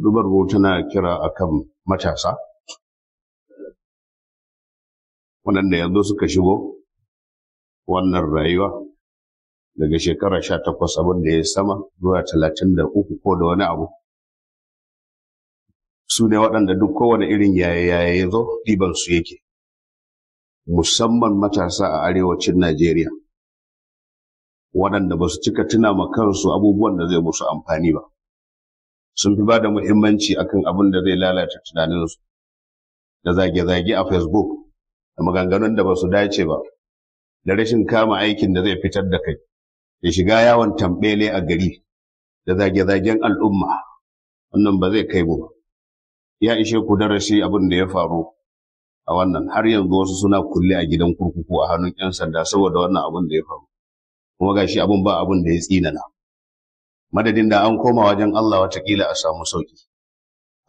Dubarwa tana kira a kan matasa, waɗanda yanzu suka shigo wannan rayuwa daga shekara sha takwas abin da ya sama zuwa talatin da uku ko da wani abu. Su ne waɗanda duk kowane irin yaya ya zo ɗiban su yake, musamman matasa a arewacin Najeriya, waɗanda ba su cika tuna ma kansu abubuwan da zai musu amfani ba. sun fi bada da muhimmanci akan abin da zai lalata tunaninsu da zage-zage a facebook da maganganun da ba su dace ba da rashin kama aikin da zai fitar da kai da shiga yawon tambele a gari da zage-zagen al'umma wannan ba zai kai mu ba ya ishe ku darasi abin da ya faru a wannan har yanzu wasu suna kulle a gidan kurkuku a hannun 'yan sanda saboda wannan abin da ya faru kuma gashi abin ba abin da ya tsinana madadin da an koma wajen Allah watakila a samu sauki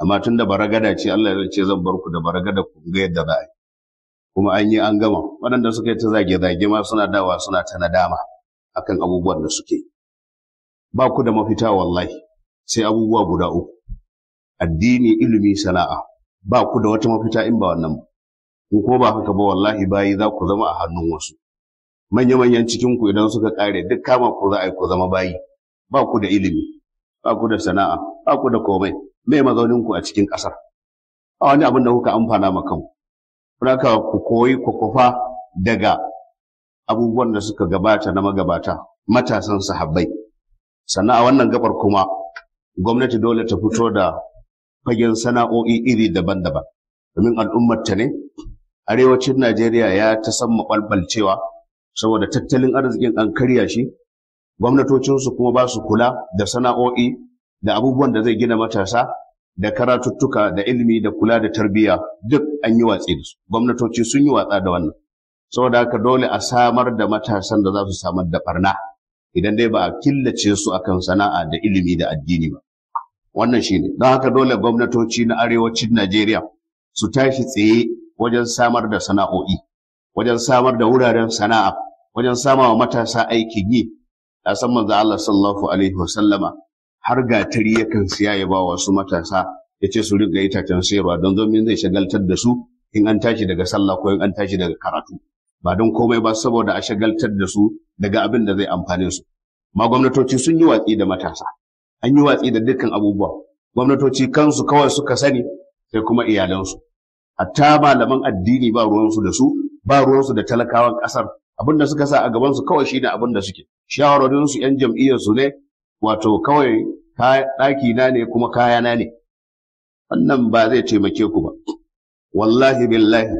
amma tun da baragada ce Allah ya ce zan bar ku da baragada ku ga yadda za a yi kuma an yi an gama waɗanda suka yi ta zage-zage ma suna dawa suna ta nadama akan abubuwan da suke ba ku da mafita wallahi sai abubuwa guda uku addini ilimi sana'a ba ku da wata mafita in ba wannan ba ko ba haka ba wallahi bayi za ku zama a hannun wasu manya-manyan cikin ku idan suka kare duk kama ku za a yi ku zama bayi ba ku da ilimi ba ku da sana'a ba ku da komai me mazauninku a cikin ƙasar a wani abin da kuka amfana ma kanku haka ku koyi kwakwafa daga abubuwan da suka gabata na magabata matasan sahabbai Sana'a wannan gabar kuma gwamnati dole ta fito da fagen sana'o'i iri daban-daban domin al'ummar ta ne arewacin najeriya ya ta san cewa saboda tattalin arzikin an karya shi gwamnatocinsu kuma ba su kula da sana'o'i da abubuwan da zai gina matasa da karatuttuka da ilimi da kula da tarbiyya duk an yi watsi da su gwamnatoci sun yi watsa da wannan saboda haka dole a samar da matasan da za su samar da barna idan dai ba a killace su akan sana'a da ilimi da addini ba wannan shine don haka dole gwamnatoci na arewacin Najeriya su tashi tsaye wajen samar da sana'o'i wajen samar da wuraren sana'a wajen sama wa matasa aikin yi a san manzo Allah sallallahu alaihi sallama har gatari yakan siya ya ba wasu matasa ya ce su riga itacen sayarwa don zomin zai shagaltar da su in an tashi daga sallah ko in an tashi daga karatu ba don komai ba saboda a shagaltar da su daga abin da zai amfane su ma gwamnatoci sun yi watsi da matasa an yi watsi da dukkan abubuwa gwamnatoci kansu kawai suka sani sai kuma iyalansu hatta malaman addini ba ruwansu da su ba ruwansu da talakawan ƙasar abin da suka sa a gaban su kawai shine abin da suke shawarorin su yan jam'iyyar su ne wato kawai ɗaki na ne kuma kaya na ne wannan ba zai taimake ku ba wallahi billahi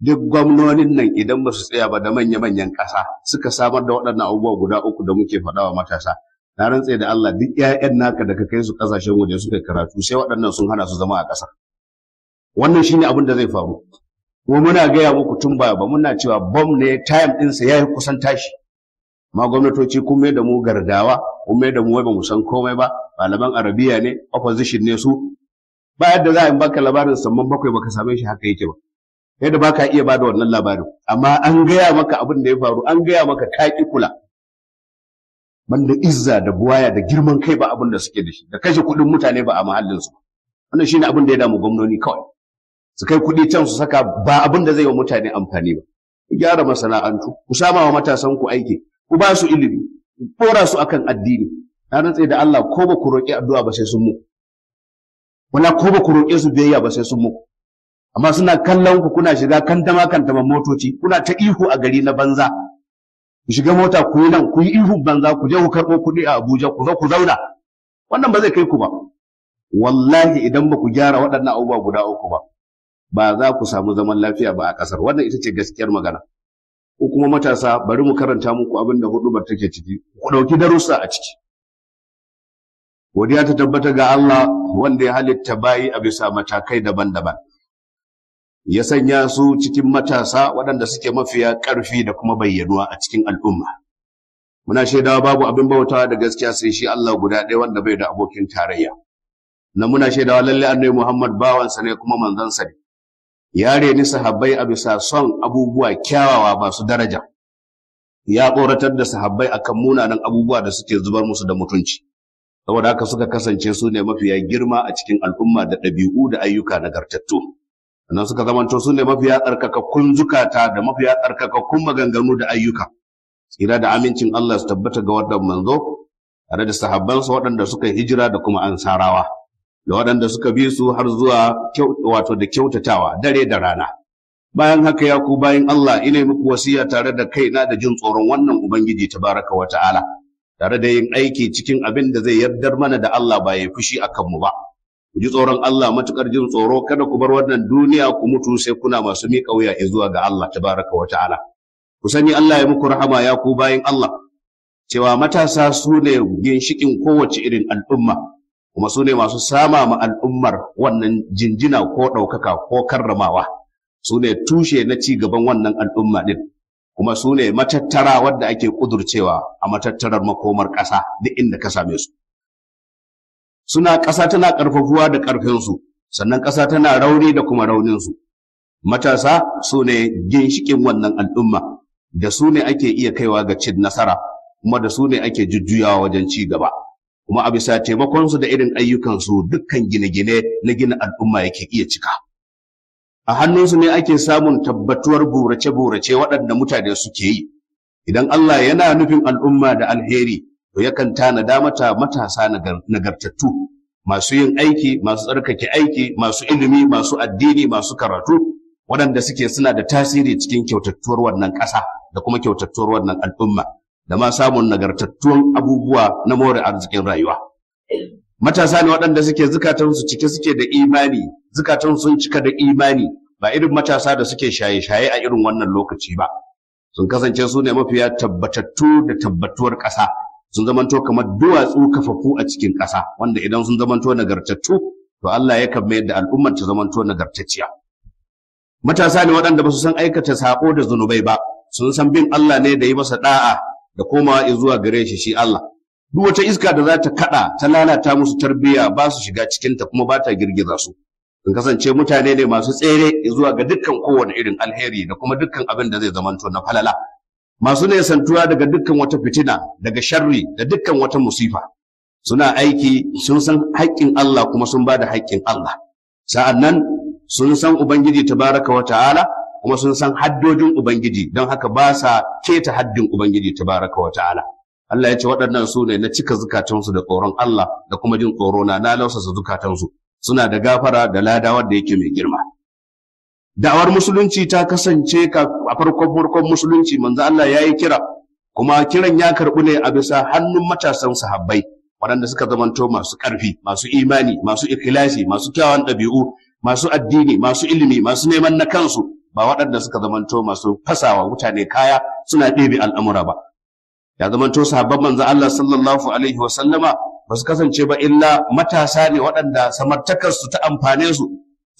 duk gwamnonin nan idan ba su tsaya ba da manya-manyan ƙasa suka samar da waɗannan abubuwa guda uku da muke faɗawa matasa na rantse da Allah duk ƴaƴan naka da ka kai su ƙasashen waje suka karatu sai waɗannan sun hana su zama a ƙasar wannan shine abin da zai faru kuma muna gaya muku tun baya ba muna cewa bom ne time ɗinsa ya yi kusan tashi ma gwamnatoci kun mai da mu gardawa kun mai da mu wai ba mu san komai ba malaman arabiya ne opposition ne su ba yadda za a yi baka labarin samman bakwai baka same shi haka yake ba yadda baka iya ba da wannan labarin amma an gaya maka abin da ya faru an gaya maka ka ki kula banda izza da buwaya da girman kai ba abin da suke da shi da kashe kuɗin mutane ba a mahallin su wannan shine abin da ya damu gwamnoni kawai su kai kuɗi can su saka ba abin da zai wa mutane amfani ba ku gyara masana'antu ku sama wa matasan ku aiki ku ba su ilimi ku kora su akan addini na rantse da Allah ko ba ku roƙi addu'a ba sai sun muku wala ko ba ku roƙe su biyayya ba sai sun muku amma suna kallon ku kuna shiga kantama kantama motoci kuna ta ihu a gari na banza ku shiga mota ku yi nan ku yi ihun banza ku je ku karɓo kuɗi a Abuja ku zo ku zauna wannan ba zai kai ku ba wallahi idan ba ku gyara waɗannan abubuwa guda uku ba ba za ku samu zaman lafiya ba a ƙasar wannan ita ce gaskiyar magana ko kuma matasa bari mu karanta muku abin da hudubar take ciki ku ɗauki darussa a ciki godiya ta tabbata ga Allah wanda ya halitta bayi a bisa matakai daban-daban ya sanya su cikin matasa waɗanda suke mafiya ƙarfi da kuma bayyanuwa a cikin al'umma. Muna shaidawa babu abin bautawa da gaskiya sai shi Allah guda ɗaya wanda bai da abokin tarayya. Na muna shaidawa lalle annabi Muhammad bawansa ne kuma manzansa ne. ya reni sahabbai a bisa son abubuwa kyawawa masu daraja ya tsoratar da sahabbai akan munanan abubuwa da suke zubar musu da mutunci saboda haka suka kasance su ne mafiya girma a cikin al'umma da ɗabi'u da ayyuka nagartattu sannan suka zamanto su ne mafiya tsarkakakkun zukata da mafiya tsarkakakkun maganganu da ayyuka tsira da amincin Allah su tabbata ga wannan manzo tare da sahabbansa waɗanda suka hijira da kuma ansarawa da waɗanda suka bi su har zuwa wato da kyautatawa dare da rana bayan haka ya ku bayan Allah ina muku wasiya tare da kaina da jin tsoron wannan ubangiji ta baraka wa ta'ala tare da yin aiki cikin abin da zai yardar mana da Allah ba ya fushi a kanmu ba ku ji tsoron Allah matuƙar jin tsoro kada ku bar wannan duniya ku mutu sai kuna masu miƙa wuya zuwa ga Allah ta baraka wa ta'ala ku sani Allah ya muku rahama ya ku bayan Allah cewa matasa su ne ginshikin kowace irin al'umma kuma su ne masu sama ma al'ummar wannan jinjina ko ɗaukaka ko karramawa su ne tushe na ci gaban wannan al'umma ɗin kuma su ne matattara wadda ake ƙudurcewa a matattarar makomar ƙasa duk inda ka same su suna ƙasa tana ƙarfafuwa da ƙarfinsu sannan ƙasa tana rauni da kuma rauninsu matasa su ne ginshiƙin wannan al'umma da su ne ake iya kaiwa ga cin nasara kuma da su ne ake jujjuyawa wajen ci gaba kuma a bisa taimakonsu da irin ayyukansu dukkan gine-gine na gina al'umma yake iya cika. A hannunsu ne ake samun tabbatuwar burace-burace waɗanda mutane suke yi. Idan Allah yana nufin al'umma da alheri, to yakan tanada mata matasa nagartattu, masu yin aiki, masu tsarkake aiki, masu ilimi, masu addini, masu karatu, waɗanda suke suna da tasiri cikin kyautattuwar wannan ƙasa da kuma kyautattuwar wannan al'umma. da ma samun nagartattun abubuwa na more arzikin rayuwa matasa ne waɗanda suke zukatansu cike suke da imani zukatan sun cika da imani ba irin matasa da suke shaye-shaye a irin wannan lokaci ba sun kasance su ne mafiya tabbatattu da tabbatuwar ƙasa sun zamanto kamar duwatsu kafafu a cikin ƙasa wanda idan sun zamanto nagartattu to Allah ya mayar da al'ummar ta zamanto nagartacciya matasa ne waɗanda ba su san aikata saƙo da zunubai ba sun san bin Allah ne da yi masa ɗa'a da koma zuwa gare shi shi Allah duk wata iska da za ta kada ta lalata musu tarbiyya ba su shiga cikinta kuma ba ta girgiza su sun kasance mutane ne masu tsere zuwa ga dukkan kowane irin alheri da kuma dukkan abin da zai zamanto na falala masu ne santuwa daga dukkan wata fitina daga sharri da dukkan wata musifa suna aiki sun san haƙƙin Allah kuma sun ba da haƙƙin Allah sa'annan sun san ubangiji tabaraka wa ta'ala kuma sun san haddojin ubangiji don haka ba sa keta haddin ubangiji ta baraka wa ta'ala Allah ya ce waɗannan su ne na cika zukatansu da tsoron Allah da kuma jin tsoro na na lausasa zukatansu suna da gafara da lada wadda yake mai girma da'awar musulunci ta kasance a farkon farkon musulunci manzo Allah ya yi kira kuma kiran ya karɓu ne a bisa hannun matasan sahabbai waɗanda suka zamanto masu ƙarfi masu imani masu ikhlasi masu kyawawan ɗabi'u masu addini masu ilimi masu neman na kansu ba waɗanda suka zamanto masu fasawa mutane kaya suna ɗebe al'amura ba ya zamanto sahabban manzo Allah sallallahu alaihi wa ba su kasance ba illa matasa ne waɗanda samartakarsu ta amfane su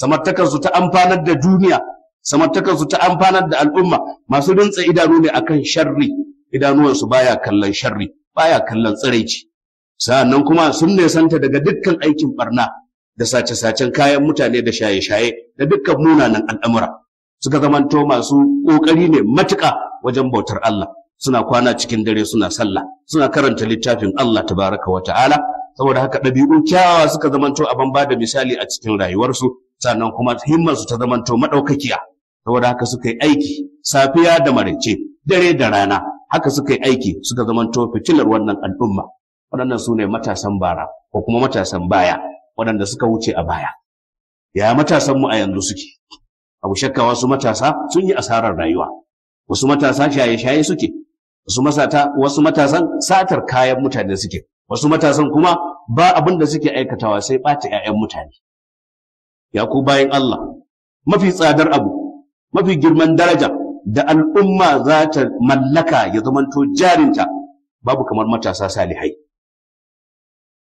samartakarsu ta amfanar da duniya samartakarsu ta amfanar da al'umma masu rintsa idanu ne akan sharri idanuwansu baya kallon sharri baya kallon tsiraici sa'annan kuma sun nesanta daga dukkan aikin barna da sace-sacen kayan mutane da shaye-shaye da dukkan munanan al'amura suka zamanto masu ƙoƙari ne matuƙa wajen bautar Allah suna kwana cikin dare suna sallah suna karanta littafin Allah tabaraka wa ta'ala saboda haka ɗabi'u kyawawa suka zamanto abin ba da misali a cikin rayuwarsu sannan kuma su ta zamanto maɗaukakiya saboda haka suka yi aiki safiya da maraice dare da rana haka suka yi aiki suka zamanto fitilar wannan al'umma waɗannan su ne matasan bara ko kuma matasan baya waɗanda suka wuce a baya ya matasanmu a yanzu suke abu shakka wasu matasa sun yi asarar rayuwa wasu matasa shaye-shaye suke wasu masata wasu matasan satar kayan mutane suke wasu matasan kuma ba abin da suke aikatawa sai ɓata 'ya'yan mutane ya ku bayan Allah mafi tsadar abu mafi girman daraja da al'umma za ta mallaka ya zamanto jarinta babu kamar matasa salihai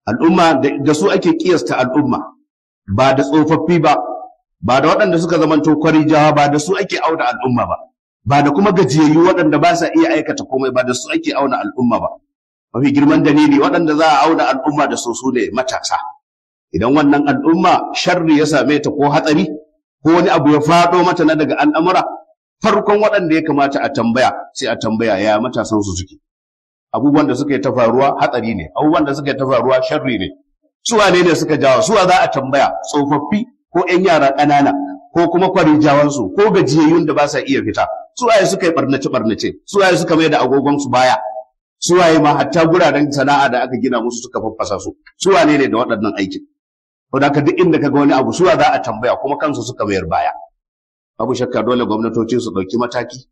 al'umma da su ake kiyasta al'umma ba da tsofaffi ba ba da waɗanda suka zamanto jawa ba da su ake auna al'umma ba ba da kuma gajiyayyu waɗanda ba sa iya aikata komai ba da su ake auna al'umma ba mafi girman dalili waɗanda za a auna al'umma da su su ne matasa idan wannan al'umma sharri ya same ta ko hatsari ko wani abu ya faɗo mata na daga al'amura farkon waɗanda ya kamata a tambaya sai a tambaya ya matasan su suke abubuwan da suka yi ta faruwa hatsari ne abubuwan da suka yi ta faruwa sharri ne suwa ne ne suka jawo suwa za a tambaya tsofaffi ko ‘yan yara ƙanana ko kuma kwarijawansu ko gajiyayyun da ba sa iya fita suwaye suka yi barnace barnace suwaye suka mai da agogonsu baya suwaye ma hatta guraren sana'a da aka gina musu suka faffasa su suwane ne da waɗannan aikin to da duk inda ka ga wani abu suwa za a tambaya kuma kansu suka mayar baya babu shakka dole gwamnatoci su ɗauki mataki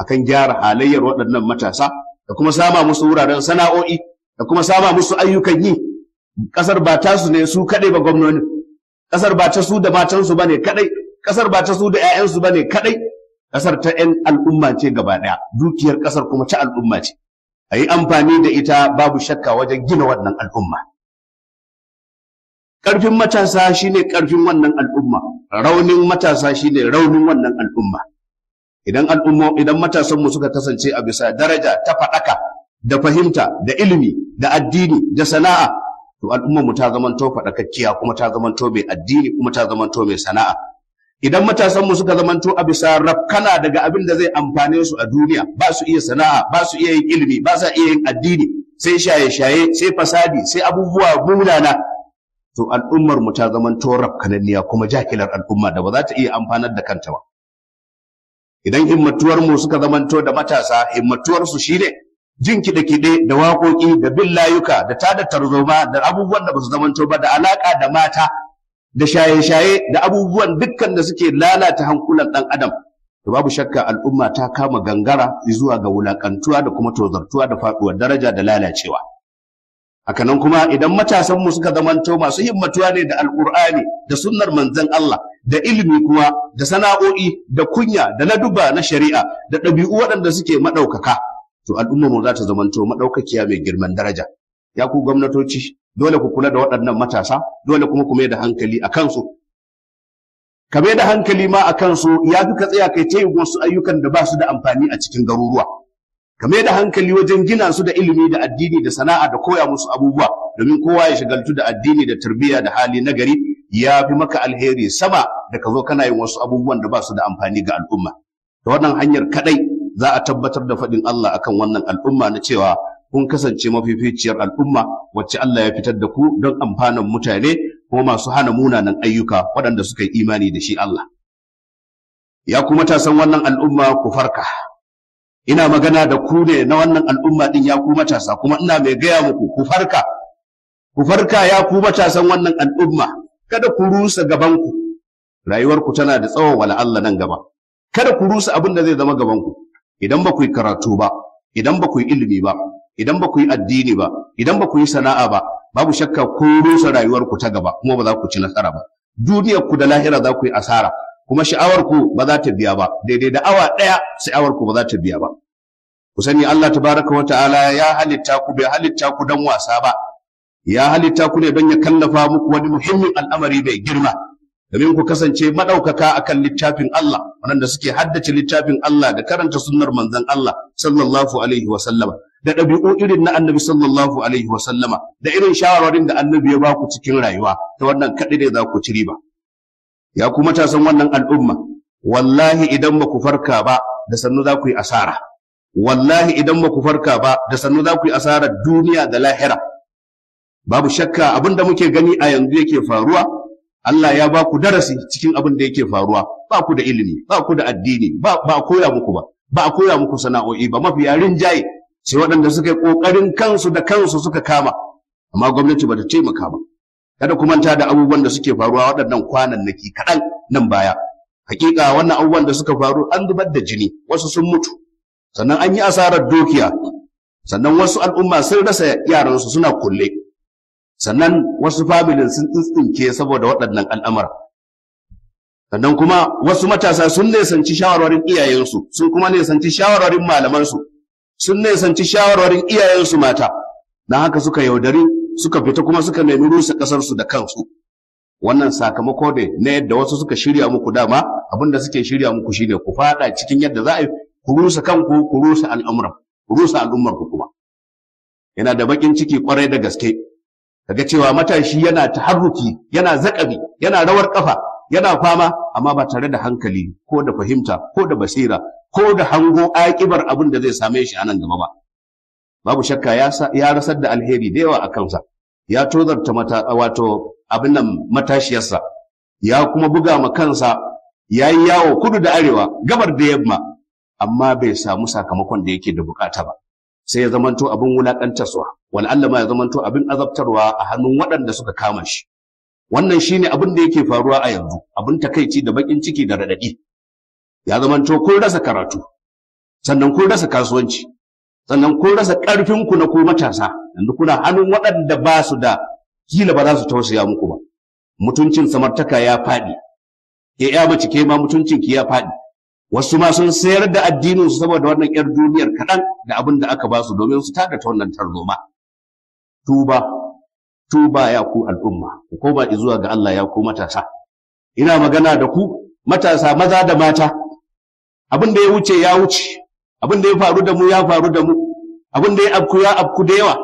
akan gyara halayyar waɗannan matasa da kuma sama musu wuraren sana'o'i da kuma sama musu ayyukan yi ƙasar ba tasu ne su kaɗai ba gwamnonin kasar ba ta su da matansu ba ne kadai kasar ba ta su da 'ya'yansu ba ne kadai kasar ta 'yan al'umma ce gaba daya dukiyar kasar kuma ta al'umma ce ayi amfani da ita babu shakka wajen gina wannan al'umma ƙarfin matasa shine ƙarfin wannan al'umma raunin matasa shine raunin wannan al'umma idan al'umma idan matasanmu suka kasance a bisa daraja ta faɗaka da fahimta da ilimi da addini da sana'a to al'ummar mu ta zamanto faɗakakkiya kuma ta zamanto mai addini kuma ta zamanto mai sana'a idan matasan mu suka zamanto a bisa rafkana daga abin da zai amfane su a duniya ba su iya sana'a ba su iya yin ilimi ba su iya yin addini sai shaye-shaye sai fasadi sai abubuwa munana to al'ummar mu ta to rafkananniya kuma jakilar al'umma da ba za ta iya amfanar da kanta ba idan himmatuwar mu suka zamanto da matasa himmatuwar su shine jin kiɗe-kiɗe da waƙoƙi da bin layuka da tada tarzoma da abubuwan da basu su zamanto ba da alaƙa da mata da shaye-shaye da abubuwan dukkan da suke lalata hankulan ɗan adam to babu shakka al'umma ta kama gangara zuwa ga wulakantuwa da kuma tozartuwa da faɗuwar daraja da lalacewa hakanan kuma idan matasan mu suka zamanto masu himmatuwa ne da alƙur'ani da sunnar manzon Allah da ilimi kuma, da sana'o'i da kunya da laduba na shari'a da ɗabi'u waɗanda suke maɗaukaka to al'ummar mu za ta zamanto madaukakiya mai girman daraja ya ku gwamnatoci dole ku kula da waɗannan matasa dole kuma ku mai da hankali a kansu ka mai da hankali ma a kansu ya fi ka tsaya kai ta wasu ayyukan da ba su da amfani a cikin garuruwa ka mai da hankali wajen gina su da ilimi da addini da sana'a da koya musu abubuwa domin kowa ya shagaltu da addini da tarbiyya da hali na gari ya fi maka alheri sama da ka zo kana yin wasu abubuwan da ba su da amfani ga al'umma ta wannan hanyar kaɗai. za a tabbatar da faɗin Allah akan wannan al'umma na cewa kun kasance mafificiyar al'umma wacce Allah ya fitar da ku don amfanin mutane ko masu hana munanan ayyuka waɗanda suka yi imani da shi Allah. Ya kuma ta san wannan al'umma ku farka. Ina magana da ku ne na wannan al'umma ɗin ya kuma matasa kuma ina mai gaya muku ku farka. Ku farka ya ku matasan wannan al'umma kada ku rusa gabanku. Rayuwarku tana da tsawon wala Allah nan gaba. Kada ku rusa abin da zai zama gabanku. idan ba ku yi karatu ba idan ba ku yi ilimi ba idan ba ku yi addini ba idan ba ku yi sana'a ba babu shakka kun rusa rayuwar ku ta gaba kuma ba za ku ci nasara ba duniyar ku da lahira za ku yi asara kuma sha'awar ku ba za ta biya ba daidai da awa ɗaya sha'awar ku ba za ta biya ba ku sani Allah tabaraka wa ta'ala ya halitta ku bai halitta ku dan wasa ba ya halitta ku ne don ya kallafa muku wani muhimmin al'amari mai girma domin ku kasance madaukaka akan littafin Allah waɗanda suke haddace littafin Allah da karanta sunnar manzon Allah sallallahu alaihi wa sallama da ɗabi'u irin na annabi sallallahu alaihi wa sallama da irin shawarwarin da annabi ya baku cikin rayuwa ta wannan kaɗai ne za ku ci riba ya kuma ta san wannan al'umma wallahi idan ba ku farka ba da sannu za ku yi asara wallahi idan ba ku farka ba da sannu za ku yi asara duniya da lahira babu shakka abin da muke gani a yanzu yake faruwa Allah ya ba ku darasi cikin abin da yake faruwa ba ku da ilimi ba ku da addini ba ba koya muku ba ba a koya muku sana'o'i ba mafi yarin jaye sai waɗanda suka yi ƙoƙarin kansu da kansu suka kama amma gwamnati ba bata taimaka ba kada ku manta da abubuwan da suke faruwa waɗannan kwanan naki kaɗan nan baya hakika wannan abubuwan da suka faru an zubar da jini wasu sun mutu sannan an yi asarar dukiya sannan wasu al'umma sun rasa yaransu suna kulle sannan wasu familin sun tsintsinke saboda waɗannan al'amura sannan kuma wasu matasa sun nesanci shawarwarin iyayensu sun kuma nesanci shawarwarin malamansu sun nesanci shawarwarin iyayensu mata Na haka suka yaudari suka fita kuma suka nemi rusa ƙasarsu da kansu wannan sakamako ne na yadda wasu suka shirya muku dama abin da suke shirya muku shine ku faɗa cikin yadda za a yi ku rusa kanku ku rusa al'amuran ku rusa al'ummar ku kuma yana da bakin ciki kwarai da gaske kaga cewa matashi yana taharruki yana zakabi yana rawar kafa yana fama amma ba tare da hankali ko da fahimta ko da basira ko da hango akibar abin da zai same shi anan gaba ba babu shakka ya rasar da alheri da yawa a kansa ya tozarta mata wato abin nan matashiyarsa ya kuma buga ma kansa ya yi yawo kudu da arewa gabar da yamma amma bai samu sakamakon da yake da bukata ba sai ya zamanto abin wulaƙantarwa wal'alla allama ya zamanto abin azabtarwa a hannun waɗanda suka kama shi wannan shine abin da yake faruwa a yanzu abin takaici da baƙin ciki da raɗaɗi ya zamanto kun rasa karatu sannan kun rasa kasuwanci sannan kun rasa ku na ku matasa yanzu kuna hannun waɗanda ba su da kila ba za su tausaya muku ba mutuncin samartaka ya faɗi ya ya mace ke ma mutuncin ki ya faɗi wasu ma sun sayar da addinin su saboda wannan yar duniyar kaɗan da abin da aka ba su domin su tada ta wannan tarzoma tuba tuba ya ku al'umma ku koma zuwa ga Allah ya ku matasa ina magana da ku matasa maza da mata abin da ya wuce ya wuce abin da ya faru da mu ya faru da mu abin da ya abku ya abku da yawa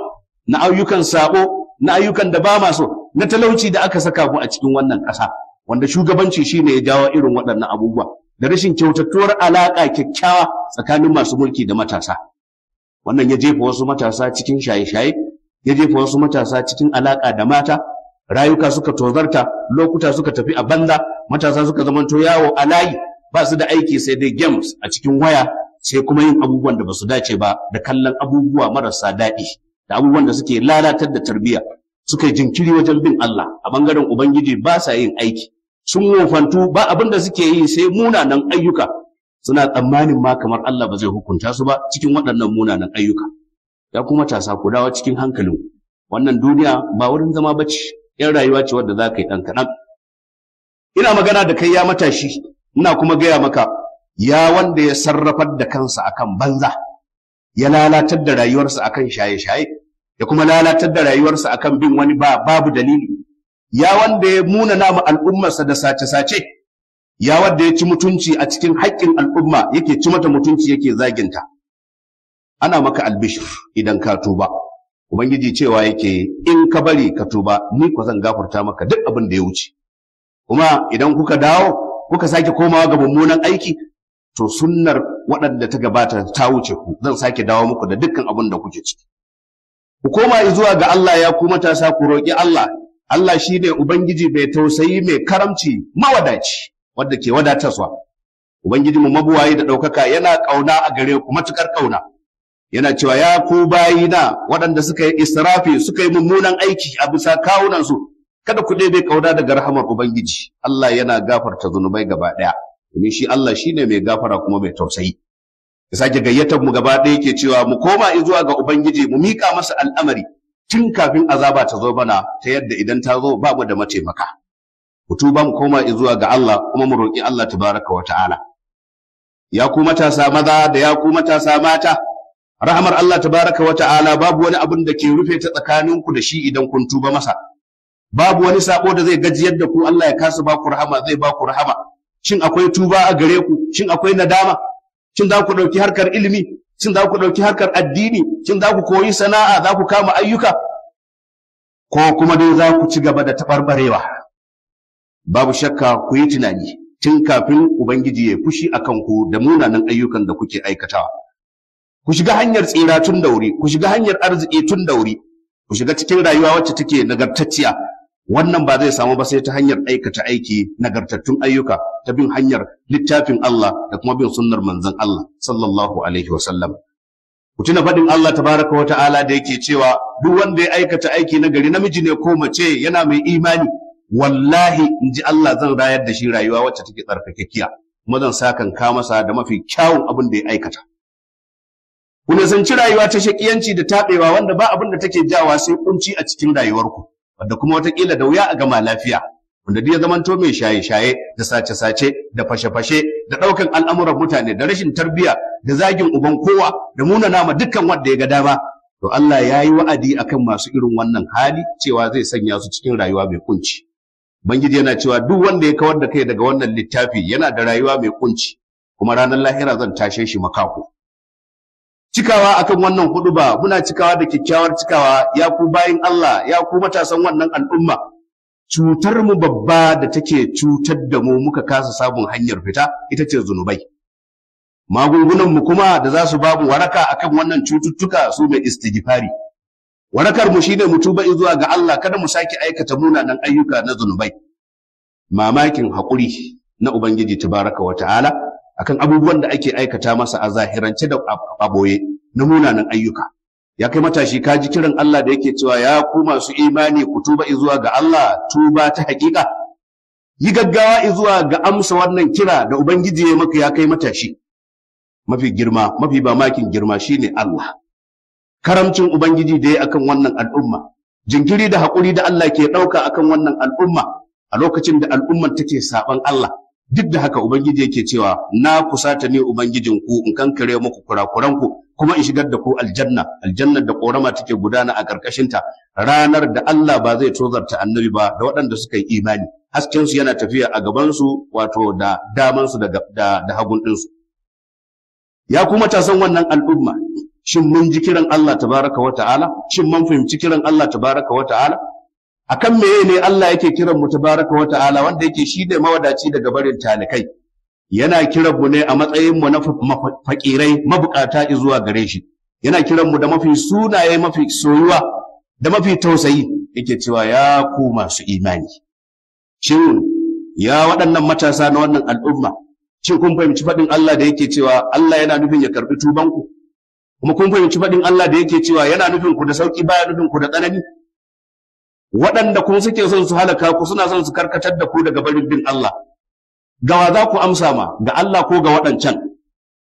na ayyukan sabo na ayyukan da ba ma so na talauci da aka saka mu a cikin wannan ƙasa wanda shugabanci shine ya jawo irin waɗannan abubuwa da rashin kyautattuwar alaƙa kyakkyawa tsakanin masu mulki da matasa wannan ya jefa wasu matasa cikin shaye-shaye ya jefa wasu matasa cikin alaƙa da mata rayuka suka tozarta lokuta suka tafi a banza matasa suka zamanto yawo a layi ba su da aiki sai dai games a cikin waya sai kuma yin abubuwan da ba su dace ba da kallon abubuwa marasa daɗi da abubuwan da suke lalatar da tarbiyya suka jinkiri wajen bin Allah a bangaren ubangiji ba sa yin aiki sun wofantu ba abin da suke yi sai munanan ayyuka suna tsammanin ma kamar Allah ba zai hukunta su ba cikin waɗannan munanan ayyuka ya kuma tasa ku dawo cikin hankalin wannan duniya ba wurin zama ba ce yan rayuwa ce wadda za ka yi ɗan kaɗan ina magana da kai ya matashi ina kuma gaya maka ya wanda ya sarrafar da kansa akan banza ya lalatar da rayuwarsa akan shaye-shaye ya kuma lalatar da rayuwarsa akan bin wani ba babu dalili ya wanda ya muna nama al'ummarsa da sace-sace ya wanda ya ci mutunci a cikin haƙƙin al'umma yake ci mata mutunci yake zaginta ana maka albishir idan ka tuba ubangiji cewa yake in ka bari ka tuba ni ko zan gafarta maka duk abin da ya wuce kuma idan kuka dawo kuka sake komawa ga mummunan aiki to sunnar waɗanda ta gabata ta wuce ku zan sake dawo muku da dukkan abin da kuke ciki ku koma zuwa ga Allah ya ta sa ku roƙi Allah Allah shi ne Ubangiji mai tausayi mai karamci mawadaci wadda ke wadatarwa. Ubangiji mu mabuwayi da ɗaukaka yana ƙauna a gare ku matuƙar ƙauna. Yana cewa ya ku na waɗanda suka yi israfi suka yi mummunan aiki a bisa kawunansu kada ku ɗebe ƙauna daga rahamar Ubangiji. Allah yana gafarta zunubai gaba ɗaya. Domin shi Allah shi ne mai gafara kuma mai tausayi. Ya sake gayyatar mu gaba ɗaya ke cewa mu koma zuwa ga Ubangiji mu miƙa masa al'amari. tun kafin azaba ta zo bana ta yadda idan ta zo babu da mataimaka ku tuba mu koma zuwa ga Allah kuma mu roƙi Allah tabaraka wa ta'ala ya ku matasa maza da ya ku matasa mata rahmar Allah tabaraka wa ta'ala babu wani abin da ke rufe ta tsakaninku da shi idan kun tuba masa babu wani sako da zai gajiyar da ku Allah ya kasa ba ku rahama zai ba ku rahama shin akwai tuba a gare ku shin akwai nadama shin za ku ɗauki harkar ilimi shin za ku ɗauki harkar addini shin za ku koyi sana'a za ku kama ayyuka ko kuma dai za ku ci gaba da taɓarɓarewa babu shakka ku yi tunani tun kafin ubangiji ya fushi a kanku da munanan ayyukan da kuke aikatawa ku shiga hanyar tsira tun da wuri ku shiga hanyar arziki tun da wuri ku shiga cikin rayuwa wacce take nagartacciya wannan ba zai samu ba sai ta hanyar aikata aiki nagartattun ayyuka ta bin hanyar littafin Allah da kuma bin sunnar manzon Allah sallallahu alaihi wasallam ku faɗin Allah tabaraka wa ta'ala da yake cewa duk wanda ya aikata aiki nagari namiji ne ko mace yana mai imani wallahi in ji Allah zan rayar da shi rayuwa wacce take tsarkakekkiya kuma zan sa kan ka masa da mafi kyawun abin da ya aikata ku nisanci rayuwa ta shakiyanci da taɓewa wanda ba abin da take jawa sai kunci a cikin rayuwarku wanda kuma watakila da wuya a gama lafiya wanda duk ya zamanto mai shaye-shaye da sace-sace da fashe-fashe da ɗaukan al'amuran mutane da rashin tarbiyya da zagin uban kowa da muna nama dukkan wanda ya ga dama to Allah ya yi wa'adi akan masu irin wannan hali cewa zai sanya su cikin rayuwa mai kunci Bangiji yana cewa duk wanda ya kawar da kai daga wannan littafi yana da rayuwa mai kunci kuma ranar lahira zan tashe shi makako cikawa akan wannan ba muna cikawa da kyakkyawar cikawa ya ku bayin Allah ya ku matasan wannan al'umma cutar mu babba da take cutar da mu muka kasa samun hanyar fita ita ce zunubai magungunan mu kuma da za su babu waraka akan wannan cututtuka su mai istighfari warakar mu shine mu tuba zuwa ga Allah kada mu sake aikata munanan ayyuka na zunubai mamakin hakuri na ubangiji tabaraka wa ta'ala akan abubuwan da ake aikata masa a zahirance da a boye na munanan ayyuka ya kai matashi ka ji kiran Allah da yake cewa ya ku masu imani ku tuba zuwa ga Allah tuba ta hakika yi gaggawa zuwa ga amsa wannan kira da ubangiji ya maka ya kai matashi mafi girma mafi bamakin girma shine Allah karamcin ubangiji da ya akan wannan al'umma jinkiri da haƙuri da Allah ke ɗauka akan wannan al'umma a lokacin da al'umma take saban Allah duk da haka ubangiji yake cewa na kusata ne ubangijin ku in kankare muku kurakuran ku kuma in shigar da ku aljanna aljanna da korama take gudana a karkashin ta ranar da Allah ba zai tozarta annabi ba da waɗanda suka yi imani hasken su yana tafiya a gaban su wato da daman su da da hagun din su ya kuma ta san wannan al'umma shin mun ji kiran Allah tabaraka wa ta'ala shin mun fahimci kiran Allah tabaraka wa ta'ala akan meye ne Allah yake kiran mu tabaraka wa ta'ala wanda yake shi ne mawadaci daga barin talikai yana kiran mu ne a matsayin mu na fakirai mabukata zuwa gare shi yana kiran mu da mafi sunaye mafi soyuwa da mafi tausayi yake cewa ya ku masu imani shin ya waɗannan matasa na wannan al'umma shin kun fahimci faɗin Allah da yake cewa Allah yana nufin ya karɓi tubanku kuma kun fahimci faɗin Allah da yake cewa yana nufin ku da sauki baya nufin ku da tsanani waɗanda kun suke son su halaka ku suna son su karkatar da ku daga barin bin Allah gawa za ku amsa ma ga Allah ko ga waɗancan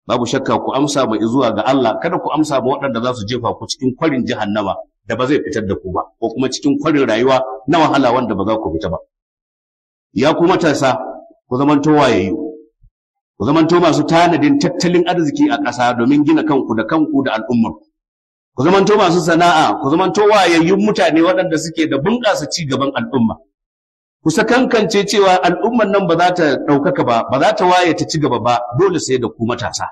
babu shakka ku amsa ma zuwa ga Allah kada ku amsa ma waɗanda za su jefa ku cikin kwarin jahannama da ba zai fitar da ku ba ko kuma cikin kwarin rayuwa na wahala wanda ba za ku fita ba ya ku matasa ku zamanto yi. ku zamanto masu tanadin tattalin arziki a ƙasa domin gina kanku da kanku da al'ummarku ku zamanto masu sana'a ku zamanto wayayyun mutane waɗanda suke da bunƙasa ci gaban al'umma ku kankance cewa al'umman nan ba za ta ɗaukaka ba ba za ta waye ta ci gaba ba dole sai da ku matasa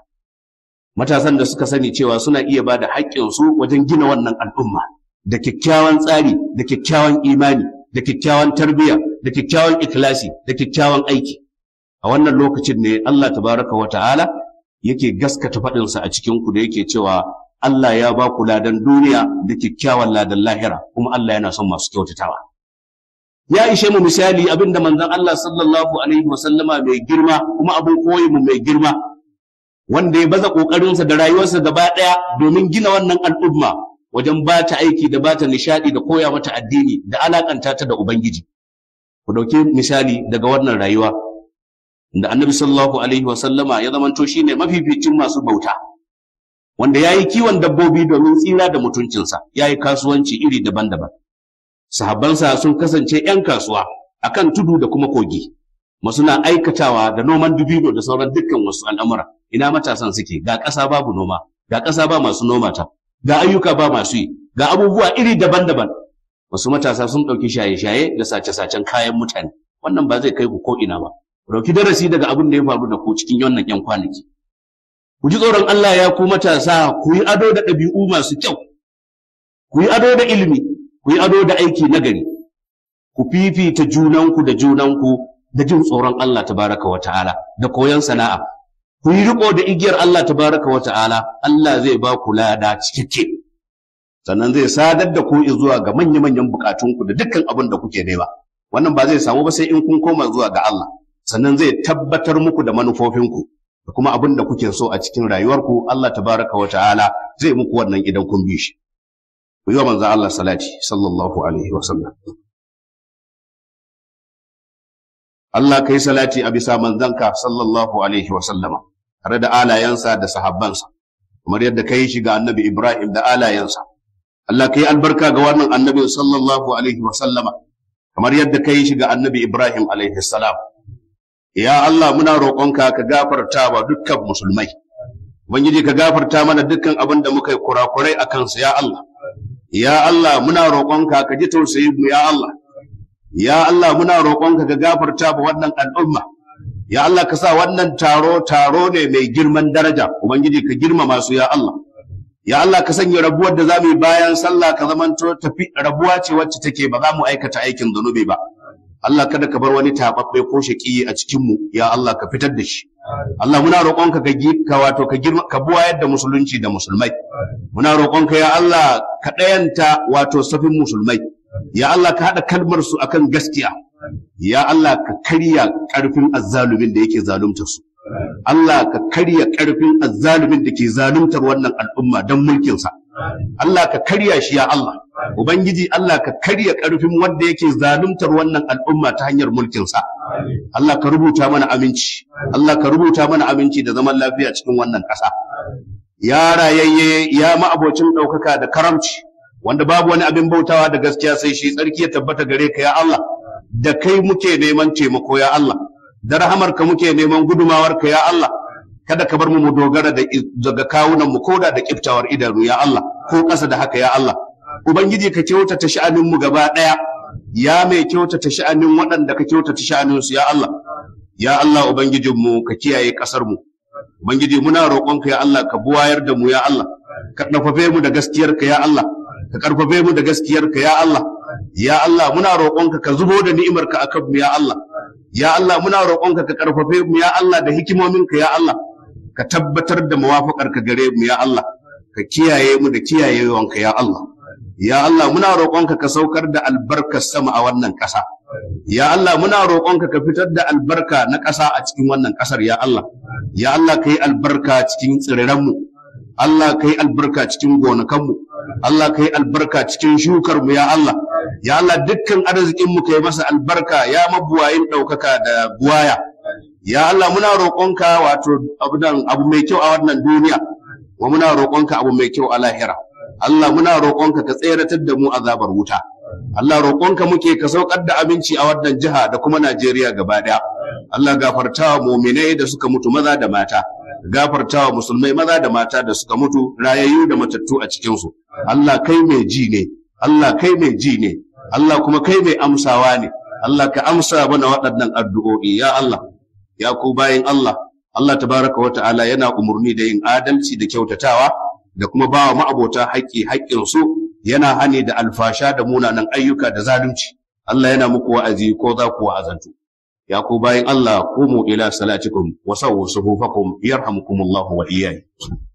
matasan da suka sani cewa suna iya ba da haƙƙinsu wajen gina wannan al'umma da kyakkyawan tsari da kyakkyawan imani da kyakkyawan tarbiyya da kyakkyawan ikilasi da kyakkyawan aiki a wannan lokacin ne Allah tabaraka wa ta'ala yake gaskata faɗinsa a cikin ku da yake cewa Allah ya ba ku ladan duniya da kyakkyawan ladan lahira kuma Allah yana son masu kyautatawa ya ishe mu misali abinda manzon Allah sallallahu alaihi wasallama mai girma kuma abin koyi mu mai girma wanda ya baza kokarinsa da rayuwarsa gaba daya domin gina wannan al'umma wajen ba ta aiki da ba ta nishadi da koya mata addini da alakanta ta da ubangiji ku dauki misali daga wannan rayuwa da annabi sallallahu alaihi wasallama ya zamanto shine mafificin masu bauta wanda ya yi kiwon dabbobi domin tsira da mutuncinsa ya yi kasuwanci iri daban-daban sahabbansa sun kasance 'yan kasuwa akan tudu da kuma kogi na aikatawa da noman dubido da sauran dukkan wasu al'amura ina matasan suke ga ƙasa babu noma ga ƙasa ba masu noma ta ga ayyuka ba masu yi ga abubuwa iri daban-daban wasu matasa sun ɗauki shaye-shaye da sace-sacen kayan mutane wannan ba zai kai ku ko ina ba ɗauki darasi daga abin da ya faru da ku cikin wannan 'yan kwanaki ku ji tsoron Allah ya ku matasa ku yi ado da ɗabi'u masu kyau ku yi ado da ilimi ku yi ado da aiki nagari ku fifita junanku da junanku da jin tsoron Allah tabaraka wa ta'ala da koyon sana'a ku yi riko da igiyar Allah tabaraka wa ta'ala Allah zai ba ku lada cikakke sannan zai sadar da ku zuwa ga manya-manyan bukatunku da dukkan abin da kuke nema wannan ba zai samu ba sai in kun koma zuwa ga Allah sannan zai tabbatar muku da manufofinku da kuma abin da kuke so a cikin rayuwarku Allah tabaraka wa ta'ala zai muku wannan idan kun bi shi ku yi wa manzon Allah salati sallallahu alaihi wa sallam Allah kai salati a bisa manzanka sallallahu alaihi wa sallama tare da alayansa da sahabbansa kamar yadda kai yi shiga annabi Ibrahim da alayansa Allah kai albarka ga wannan annabi sallallahu alaihi wa sallama kamar yadda kai yi shiga annabi Ibrahim alaihi salam ya Allah muna roƙonka ka gafarta wa dukkan musulmai ubangiji ka gafarta mana dukkan abin da muka yi kurakurai a kansa ya Allah ya Allah muna roƙonka ka ji tausayi mu ya Allah ya Allah muna roƙonka ka gafarta wa wannan al'umma ya Allah ka sa wannan taro taro ne mai girman daraja ubangiji ka girmama su ya Allah ya Allah ka sanya rabuwar da za mu yi bayan sallah ka zamanto tafi rabuwa ce wacce take ba za mu aikata aikin zunubi ba Allah kada ka bar wani tababbe ko shaki a cikin mu ya Allah ka fitar da shi Allah muna roƙonka ka ka wato ka girma ka buwa da musulunci da musulmai muna roƙonka ya Allah ka ɗayanta wato safin musulmai ya Allah ka haɗa kalmar su akan gaskiya ya Allah ka karya ƙarfin azzalumin da yake zalunta su Allah ka karya ƙarfin azzalumin da ke zaluntar wannan al'umma don mulkin sa Allah ka karya shi ya Allah Ubangiji Allah ka karya karfin wanda yake zaluntar wannan al'umma ta hanyar mulkinsa. Allah ka rubuta mana aminci, Allah ka rubuta mana aminci da zaman lafiya cikin wannan ƙasa. Ya rayayye ya ma'abocin ɗaukaka da karamci, wanda babu wani abin bautawa da gaskiya sai shi tsarki ya tabbata gare ka ya Allah, da kai muke neman taimako ya Allah, da rahamarka muke neman gudumawarka ya Allah. kada ka bar mu mu dogara da daga kawunan mu koda da kiftawar idanu ya Allah ko ƙasa da haka ya Allah ubangiji ka kyautata sha'anin mu gaba ɗaya ya mai kyautata sha'anin waɗanda ka kyautata sha'anin su ya Allah ya Allah ubangijin mu ka kiyaye kasar mu ubangiji muna roƙon ka ya Allah ka buwayar da mu ya Allah ka ɗafafe mu da gaskiyar ka ya Allah ka karfafe mu da gaskiyar ka ya Allah ya Allah muna roƙon ka ka zubo da ni'imar ka akan mu ya Allah ya Allah muna roƙon ka ka karfafe mu ya Allah da hikimomin ka ya Allah ka tabbatar da mawafakarka gare mu ya Allah ka kiyaye mu da kiyayewanka ya Allah ya Allah muna roƙonka ka saukar da albarkar sama a wannan ƙasa ya Allah muna roƙonka ka fitar da albarka na ƙasa a cikin wannan ƙasar ya Allah ya Allah ka yi albarka cikin tsirranmu Allah ka yi albarka cikin gonakanmu Allah ka yi albarka cikin shukarmu ya Allah ya Allah dukkan arzikinmu mu kai masa albarka ya mabuwayin ɗaukaka da buwaya ya Allah muna roƙonka wato abu mai kyau a wannan duniya wa muna roƙonka abu mai kyau a lahira Allah muna roƙonka ka tseratar da mu azabar wuta Allah roƙonka muke ka saukar da abinci a wannan jiha da kuma Najeriya gaba ɗaya Allah gafartawa muminai da suka mutu maza da mata gafartawa musulmai maza da mata da suka mutu rayayyu da matattu a cikinsu Allah kai mai ji ne Allah kai mai ji ne Allah kuma kai mai amsawa ne Allah ka amsa bana waɗannan addu'o'i ya Allah ya ku bayin Allah Allah tabaraka wa ta'ala yana umarni da yin adalci da kyautatawa da kuma bawa ma'abota haƙƙi haƙƙin su yana hani da alfasha da munanan ayyuka da zalunci Allah yana muku wa'azi ko za ku wa'azantu ya ku bayin Allah kumu ila salatikum wa sawwu suhufakum yarhamukumullahu wa iyyakum